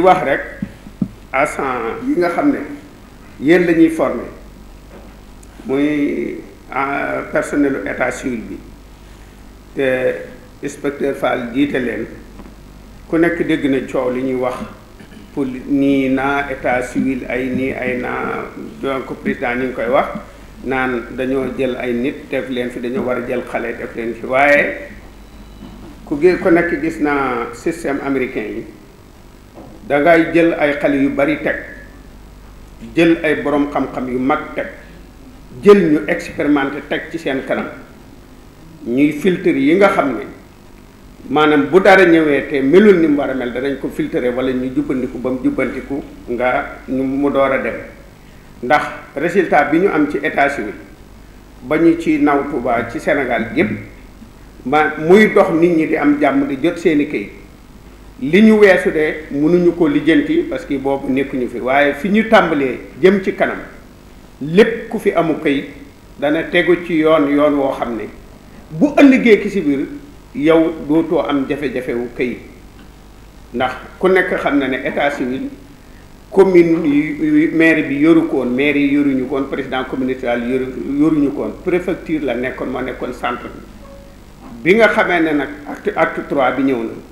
di wax rek agent yi nga xam ne yéen lañuy ñuy formé muy euh, personnelu état civil bi te inspecteur Fall jiite leen ku nekk dégg na coow li ñuy wax pour ni naa état civil ay nii ay naa donc président ñu ngi koy wax naan dañoo jël ay nit def leen fi dañoo war a jël xale def leen fi waaye ku gé ku nekk gis naa système américain yi dangay jël ay xale yu bari teg jël ay borom xam-xam yu mag teg jël ñu expérimenté teg ci seen kanam ñuy filtre yi nga xam ne maanaam bu dara ñëwee te melul ni mu war a mel danañ ko filtrer wala ñu jubbandiku ba mu jubbantiku nga ñu mu door a dem ndax résultat bi ñu am ci États-Unis ba ñu ci naw Tuuba ci Sénégal yépp ma muy dox nit ñi di am jàmm di jot seeni këyit li ñu weesu de mënuñu ko lijjanti parce que boobu nekkuñu fi waaye fi ñu tàmbalee jëm ci kanam lépp ku fi amu këyit dana tegu ci yoon yoon woo xam ne bu ëllëgee ki si biir yow too am jafe-jafe wu ndax ku nekk xam na ne état civil commune yi maire bi yoru ko woon maire yi yoruñu woon président communautaire yoru yoruñu ko woon préfecture la nekkoon ma nekkoon centre bi bi nga xamee ne nag acte acte trois bi ñëw na.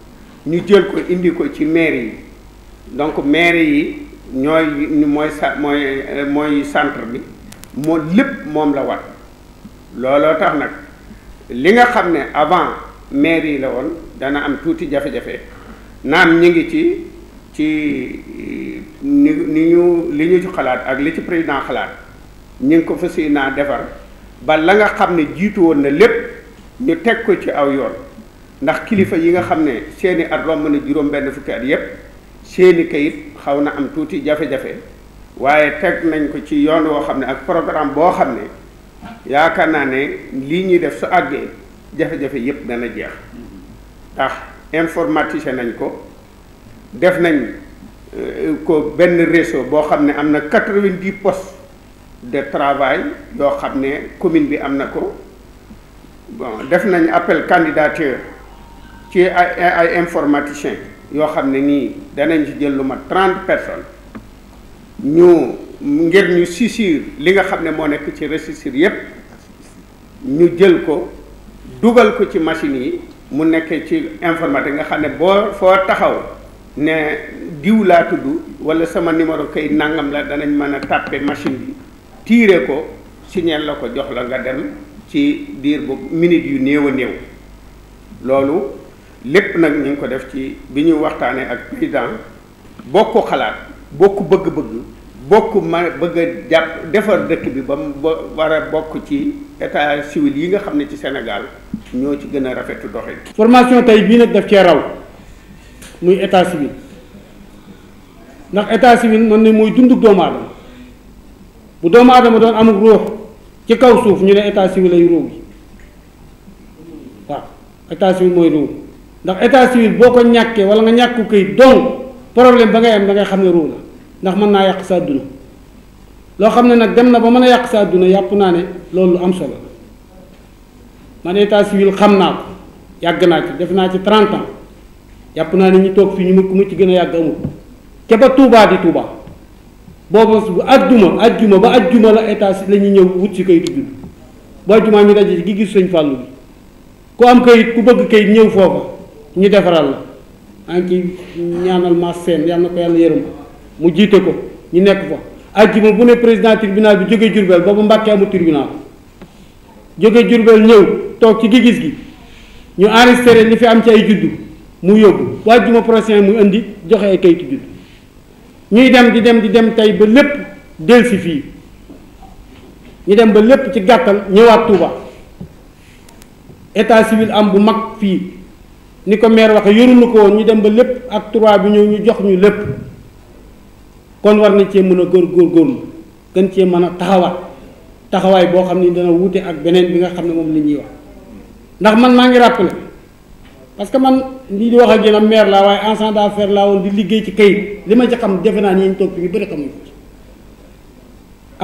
ñu jël ko indi ko ci maire yi donc maire yi ñooy mooy sa mooy mooy centre bi moo lépp moom la war looloo tax nag li nga xam ne avant maire yi la woon dana am tuuti jafe-jafe naam ñi ngi ci ci ni ni ñu li ñu ci xalaat ak li ci président xalaat ñu ngi ko fas naa defar ba la nga xam ne jiitu woon na lépp ñu teg ko ci aw yoon ndax kilifa yi nga xam ne seeni at romb na juróom benn fukki at yépp seeni kayit xaw na am tuuti jafe-jafe waaye teg nañ ko ci yoon woo xam ne ak programme boo xam ne yaakaar naa ne lii ñuy def su àggee jafe-jafe yépp dana jeex ndax informatisé nañ ko def nañ euh, ko benn réseau boo xam ne am na quatre-vingt-dix post de travail yoo xam ne commune bi am na ko bon def nañ appel candidature ci ay ay informaticien yoo xam ne nii danañ ci jël lu ma trente personnes ñu ngir ñu sisir li nga xam ne moo nekk ci registre yépp ñu jël ko dugal ko ci machine yi mu nekkee ci informatique nga xam ne boo foo taxaw ne diw laa tudd wala sama numéro kay nangam la danañ mën a tàppe machine bi tiire ko signal la ko jox la nga dem ci diir bu minute yu néew a néew loolu lépp nag ñu ngi ko def ci bi ñuy waxtaanee ak président bokku xalaat bokk bëgg-bëgg bokk ma bëgg jàpp defar dëkk bi ba mu war a bokk ci état civil yi nga xam ne ci Sénégal ñoo ci gën a rafetu doxin. formation tey bii nag daf cee raw muy état civil ndax état civil mën ne mooy dundug doomu aadama bu doomu aadama doon amul ruux ci kaw suuf ñu ne état civil ay ruux gi waaw état civil mooy ruux. ndax état civil boo ko ñàkkee wala nga ñàkku këyit donc problème ba ngay am da ngay xam ne ruu la ndax mën naa yàq sa adduna loo xam ne nag dem na ba mën a yàq sa adduna yàpp naa ne loolu am solo la man état civil xam naa ko yàgg naa ci def naa ci 30 ans yàpp naa ne ñu toog fii ñu mu ku mu ci gën a yàgg amul ca ba Touba di Touba boobu bu ajjuma ajjuma ba ajjuma la état la ñuy ñëw wut si kayitu judd bu ajjumaa ñu daje gi gis sëñ fàllu bi ku am kayit ku bëgg kayit ñëw foofa ñu defaral la maa ngi ñaanal ma seen yal na ko yàlla yërëm mu jiite ko ñu nekk fa ajjuma bu ne président tribunal bi jógee Jurbel boobu Mbàkke amul tribunal jóge Jurbel ñëw toog ci gigis gi ñu enregistré li fi am ci ay juddu mu yóbbu bu ajjuma prochain mu indi joxe ay kayitu juddu ñuy dem di dem di dem tey ba lépp delsi fii ñu dem ba lépp ci gàttal ñëwaat Touba état civil am bu mag fii ni ko maire waxe yoruñu ko woon ñu dem ba lépp ak trois bi ñëw ñu jox ñu lépp kon war nañ cee mën a góor góor góorlu gën cee mën a taxawaat taxawaay boo xam ni dana wuute ak beneen bi nga xam ne moom la ñuy wax ndax man maa ngi rappelé parce que man lii di wax ak yéen am maire laa waaye agent d'affaires laa woon di liggéey ci kayit li ma ci xam defe naa ñi ñu toog fi ñu bëri xamuñu ko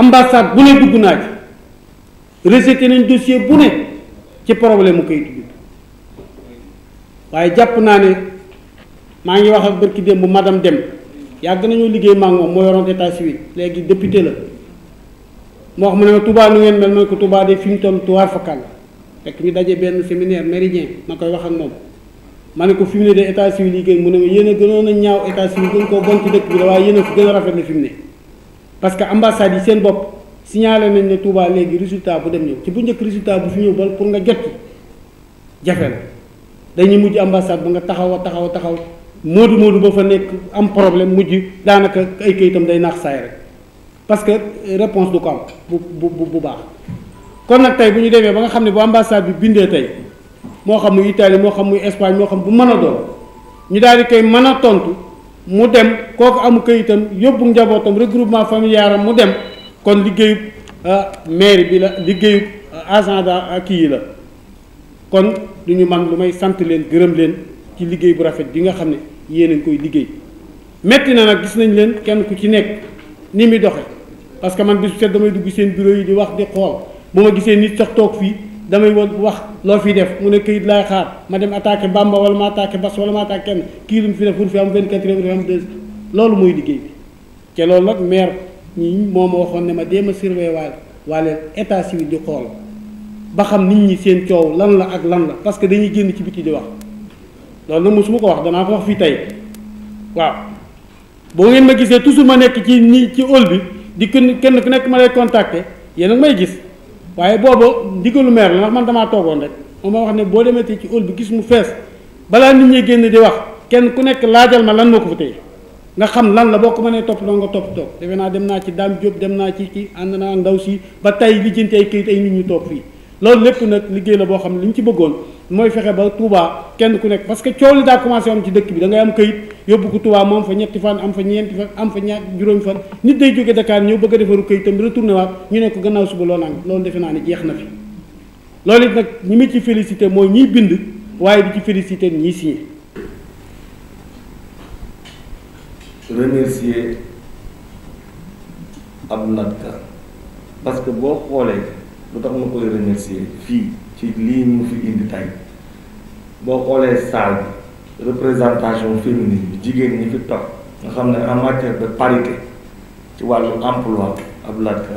ambassade bu ne dugg naa ci rejeté nañ dossier bu ne ci problème mu kayit bi waaye jàpp naa ne maa ngi wax ak barki démb madame Deme yàgg nañoo liggéey maa ngi moom moo yoroon état civil léegi député la moo wax mu ne Touba nu ngeen mel mooy ko Touba de fi mu toll tuwaar fakkal fekk ñu daje benn séminaire méridien ma koy wax ak moom ma ne ko fi mu ne de état civil yi gën mu ne ma yéen a gënoon a ñaaw état gën koo bon ci dëkk bi la waaye yéen fi gën a rafet la fi mu ne parce que ambassade yi seen bopp signalé nañ ne Touba léegi résultat bu dem ñëw ci bu njëkk résultat fi ñëw bal pour nga jot jafe la dañuy mujj ambassade ba nga taxaw a taxaw a taxaw moodu moodu ba fa nekk am problème mujj daanaka ay kayitam day naax saay rek parce que réponse du ko am bu bu bu baax kon nag tey bu ñu demee ba nga xam ne bu ambassade bi bindee tey moo xam muy Italie moo xam mu Espagne moo xam bu mën a doon ñu daal di koy mën a tontu mu dem kooku amu kayitam yóbbu njabootam regroupement familial am mu dem kon liggéeyub ah, mairie bi la liggéeyub ah, agent kii yi la kon du ñu man lu may sant leen gërëm leen ci liggéey bu rafet bi nga xam ne yéen a koy liggéey metti na nag gis nañ leen kenn ku ci nekk ni muy doxe parce que man bisu set damay dugg seen bureau yi di wax di xool bu ma gisee nit sax toog fii damay woon wax loo fi def mu ne këyit laay xaar ma dem attaqué Bamba wala ma attaqué Bass wala ma attaqué kenn kii lu fi def pour fi am 24 heures am loolu mooy liggéey bi te loolu nag maire ñi moo ma waxoon ne ma déema surveiller waale waale état civil di ba xam nit ñi seen coow lan la ak lan la parce que dañuy génn ci biti di wax loolu nag ma ko wax danaa ko wax fii tey waaw boo ngeen ma gisee toujours ma nekk ci ni ci hall bi di kenn kenn ku nekk ma lay contacter yéen may gis waaye booba ndigalu meer la ndax man damaa toogoon rek moom ma wax ne boo demee te ci hall bi gis mu fees balaa nit ñi génn di wax kenn ku nekk laajal ma lan moo ko fa tey nga xam lan la boo ko mënee topp doo nga topp toog defe naa dem naa ci Dame Diop dem naa ci ànd naa ndaw si ba tey lijjanti ay këyit ay nit ñu toog fii loolu lépp nag liggéey la boo xam ne li ñu ci bëggoon mooy fexe ba Touba kenn ku nekk parce que coow li daa commencé am ci dëkk bi da ngay am këyit yóbbu ko Touba moom fa ñetti fan am fa ñeenti fan am fa ñaar juróomi fan nit day jóge Dakar ñëw bëgg a defaru këyitam retourné waat ñu ne ko gannaaw suba loo nang loolu defe naa ne na fi loolu it nag ñi ci félicité mooy ñiy bind waaye di ci félicité ñiy signé remercier Abdou que boo xoolee lu tax ma koy remercier fii ci lii mu fi indi tey boo xoolee salle bi représentation féminine bi jigéen ñi fi toog nga xam ne en matière de parité ci wàllu emploi Abdoulaye Ka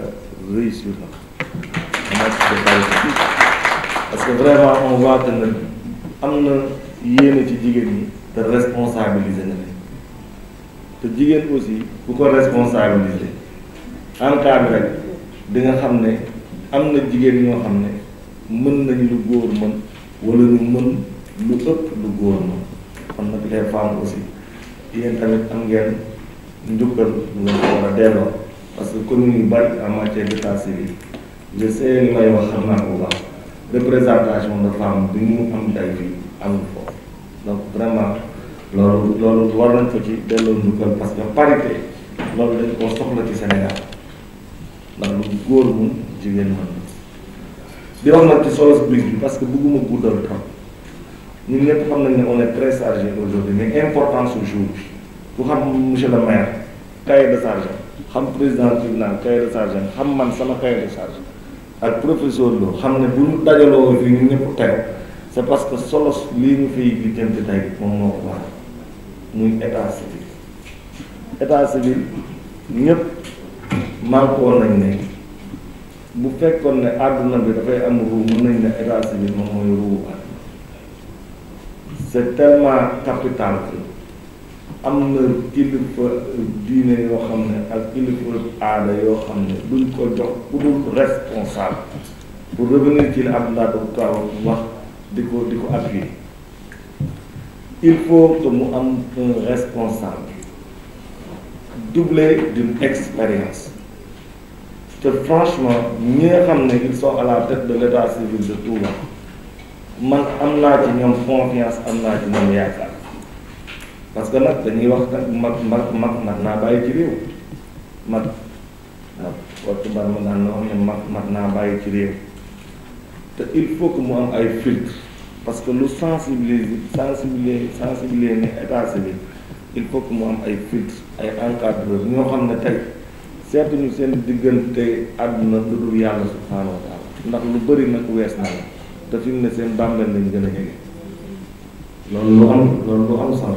réussir na en matière de parce que vraiment on voit que ne am na yéene ci jigéen ñi te responsabiliser na te jigéen aussi bu ko responsabiliser en cas rek di nga xam ne. am na jigéen ñoo xam ne mën na lu góor mën wala ñu mën lu ëpp lu góor mën kon nag les femmes aussi yéen tamit am ngeen njukkal lu ngeen ko parce que communes yu bari en matière d'état civil wax xam naa ko baax représentation de femme am tey fii amul foofu donc vraiment loolu loolu war nañ ko ci delloo njukkal parce que parité loolu dañ ci Sénégal ndax lu góor ci wenn di wax nag ci solo brique bi parce que bëgguma guddal tam ñun ñëpp xam nañ ne on est très chargé aujourd'hui mais importance bi ku xam monsieur le maire cahier de charge xam président tribunal cahier de charge xam man sama cahier de charge ak professeur Lo xam ne bu ñu dajaloo fii ñu ñëpp teew c'est parce que solos lii ñu fiy lijjanti tey moom moo ko waral muy état civil état civil ñëpp manqué nañ ne bu fekkoon ne àdduna bi dafay am ruu mën nañ ne États-Unis moom mooy ruu àdduna c'est capital que am na diine yoo xam ne ak kilifa aada yoo xam ne duñ ko jox ku dul responsable pour revenir ci li Abdoulaye Daouda wax di ko di ko appuyer il faut que am un responsable doublé d'une expérience te franchement ñi nga xam ne ils sont à la tête de l' état civil de Touba man am naa ci ñoom confiance am naa ci ñoom yaakaar parce que nag dañuy wax mag mag mag mag naa bàyyi ci réew mag waaw waxtu mbar ma daan na wax ne mag mag naa bàyyi ci réew te il faut que mu am ay filtre parce que lu sensibiliser sensibiliser sensibiliser ne état civil il faut que mu am ay filtre ay encadreur ñoo xam ne tey ñu seen diggante àdduna lu dul yàlla subhaanahu wa taala ndax lu bëri nag wees naa la te fi mu ne seen bàmbeel lañ gën a jege loolu lu am loolu lu am solo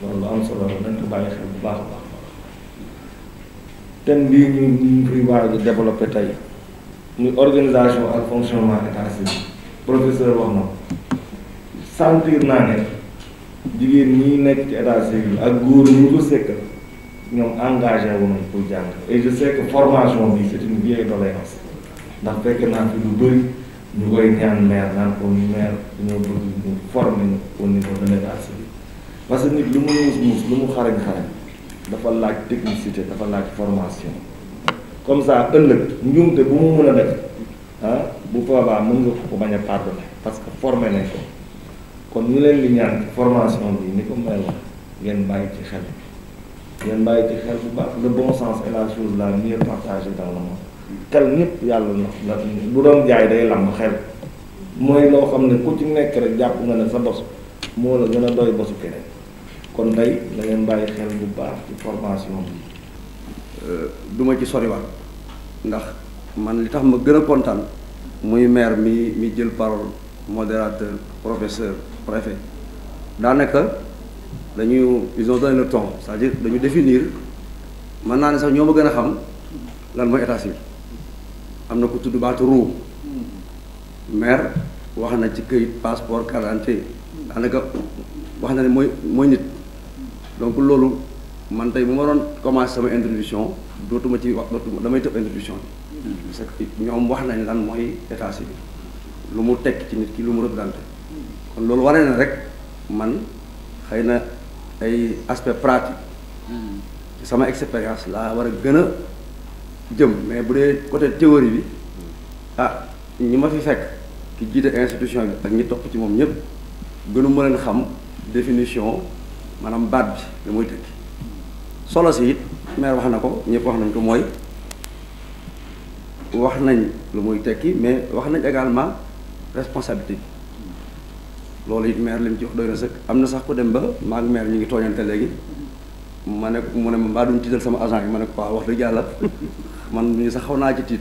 loolu lu am solo la ko bàyyi xel bu baax a baax ten bii ñu ñu fiy waaj a développé tey muy organisation ak fonctionnement état civil professeur wax na sentir naa ne jigéen ñi nekk ci état civil ak góor ñu lu sekkal ñoom engagé wu nañ pour jàng et je sais formation bi c' est une vieille ndax fekk naa fi lu bëri ñu koy ñaan maire naan ko maire dañoo bëgg ñu former ñu au niveau parce que nit lu mu xarañ xarañ dafa laaj technicité dafa laaj formation comme ça ëllëg njuumte bu mu mën a def ah bu boobaa mën nga ko bañ a pardonner parce que formé nañ ko kon ñu leen ñaan formation bi ni ko may wax ngeen bàyyi ci xel. ngeen bàyyi ci xel bu baax le bon sens est la chose la mieux partagée dans le monde xel ñëpp yàlla la bu doon jaay day lamb xel mooy loo xam ne ku ci nekk rek jàpp nga ne sa bos moo la gën a doy bosu keneen kon tey da ngeen bàyyi xel bu baax ci formation bi euh, du ma ci soriwaat ndax man li tax ma gën a kontaan muy maire mi mi jël parole modérateur professeur préfet daanaka dañu ils ont donné le ton c'est-à-dire dañu définir man naa ne sax ñoo ma gën a xam lan mooy état civil am na ku tudd baatu wax na ci këyit passeport carte d'identité wax na ne mooy mooy nit donc loolu man tey bu ma doon commencé sama introduction dootuma ci wax dootuma damay tëb introduction bi parce que ñoom wax nañ lan mooy état bi lu mu tekk ci nit ki lu mu représenté kon loolu waree na rek man xëy na ay aspect pratique ci mm. sama expérience laa war a gën a jëm mais bu dee côté théorie bi ah ñi ma fi fekk ki jiite institution bi ak ñi topp ci moom ñëpp gënu ma leen xam définition maanaam baat bi li muy tekki solo si it maire wax na ko ñëpp wax nañ ko mooy wax nañ lu muy tekki mais wax nañ également responsabilité bi loolu it maire lim ci wax doy na sëkk am na sax ko dem ba maa ngi ñu ngi tooñante léegi ma ne mu ne mbaa duñ tiital sama agent yi ma ne ko waaw wax dëgg yàlla man ñu sax xaw naa ci tiit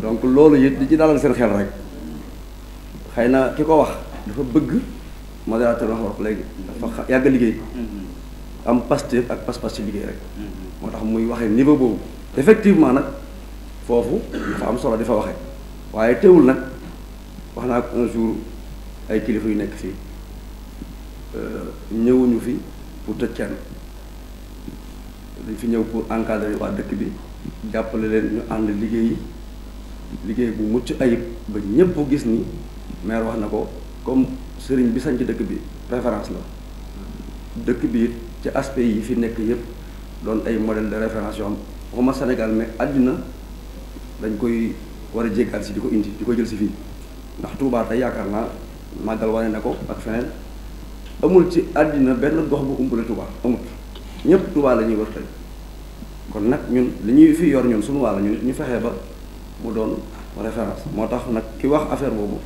donc loolu it di ci dalal seen xel rek xëy na ki ko wax dafa bëgg modérateur wax léegi dafa yàgg liggéey mm-hmm. am Pastef ak pas-pas ci liggéey rek mm-hmm. moo tax muy waxee niveau boobu effectivement nag foofu dafa am solo di fa waxee waaye teewul nag wax naa ko un jour ay kilifa yu nekk fii euh, ñëwuñu fi pour tëj kenn dañ fi ñëw pour encadrer waa dëkk bi jàppale leen ñu ànd liggéey liggéey bu mucc ayib ba ñépp gis ni maire wax na ko comme sëriñ bi sañ ci dëkk bi référence la dëkk bi it ci aspect yi fi nekk yépp doon ay modèle de référence yoo xam Sénégal mais àddina dañ koy war a jéggaat si di ko indi di ko jël si fii ndax Touba yaakaar naa màggal wane na ko ak feneen amul ci àddina benn gox bu umpale Touba amut ñëpp Touba la ñuy wër tey kon nag ñun li ñuy fi yor ñun suñu wàll ñu ñu fexee ba mu doon référence moo tax nag ki wax affaire boobu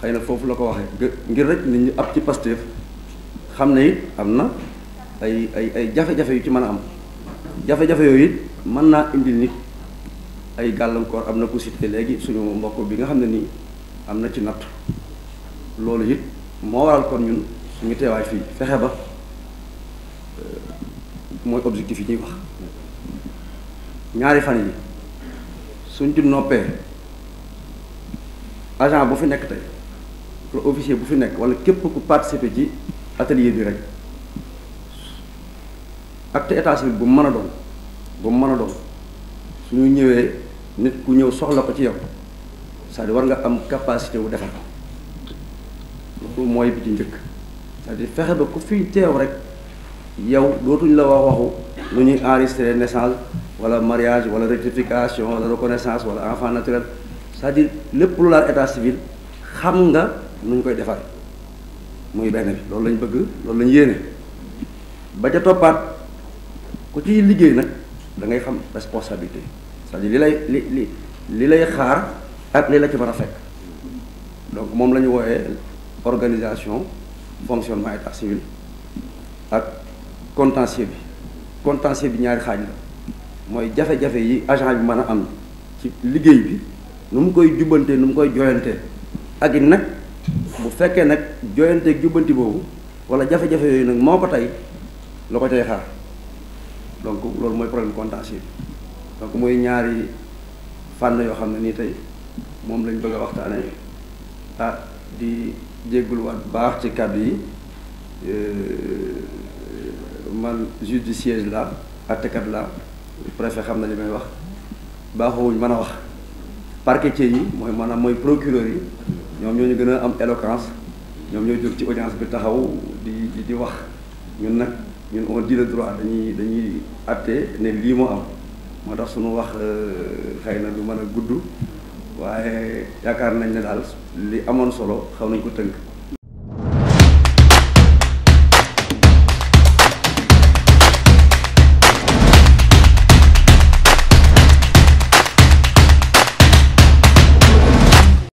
xëy na foofu la ko waxee ngir rek nit ñu ab ci Pastef xam ne it am na ay ay ay jafe-jafe yu ci mën a am jafe-jafe yooyu it mën naa indil nit ay gàllankoor am na ku cité léegi suñu mbokk bi nga xam ne nii am na ci natt loolu it moo waral kon ñun suñu teewaay fii fexe ba euh, mooy objectif yi ñuy wax ñaari fan yi suñ ci noppee agent bu fi nekk tey wala officier bu fi nekk wala képp ku participer ci atelier bi rek acte état civil bu mën a doon bu mën a doon suñu ñëwee nit ku ñëw soxla ko ci yow cest à war nga am capacité wu defar boobu mooy bi ci njëkk cest dire fexe ba ku fiy teew rek yow dootuñ la wax waxu lu ñuy enregistré naissance wala mariage wala rectification wala reconnaissance wala enfant naturel c'est-à-dire lépp lu laal état civil xam nga nu ñu koy defaree muy benn bi loolu lañ bëgg loolu lañu yéene ba ca toppaat ku ciy liggéey nag da ngay xam responsabilité c'est-à-dire li lay li li li lay xaar ak li la ci mën a fekk donc moom la ñu organisation fonctionnement état ak contentieux bi contentieux bi ñaari xaaj la mooy jafe-jafe yi agent bi mën a am ci liggéey bi nu mu koy jubbante nu mu koy joyante ak it nag bu fekkee nag joyanteeg jubbanti boobu wala jafe-jafe yooyu nag moo ko tey la ko tey xaar donc loolu mooy problème contentieux bi donc mooy ñaari fànn yoo xam ne nii tey moom lañ bëgg a waxtaanee ah di jégguluwaat baax ci kàddu yi euh, man juge du siège la àttekat la préfet xam na li may wax baaxoowuñ mën a wax parquetier yi mooy maanaam mooy procureur yi ñoom ñoo ñu gën a am éloquence ñoom ñoo jóg ci audience bi taxaw di di wax ñun nag ñun on dit le droit dañuy dañuy àtte ne lii moo am moo tax suñu wax euh, xëy na du mën a gudd waaye yaakaar nañ ne daal li amoon solo xaw nañ ko tënk.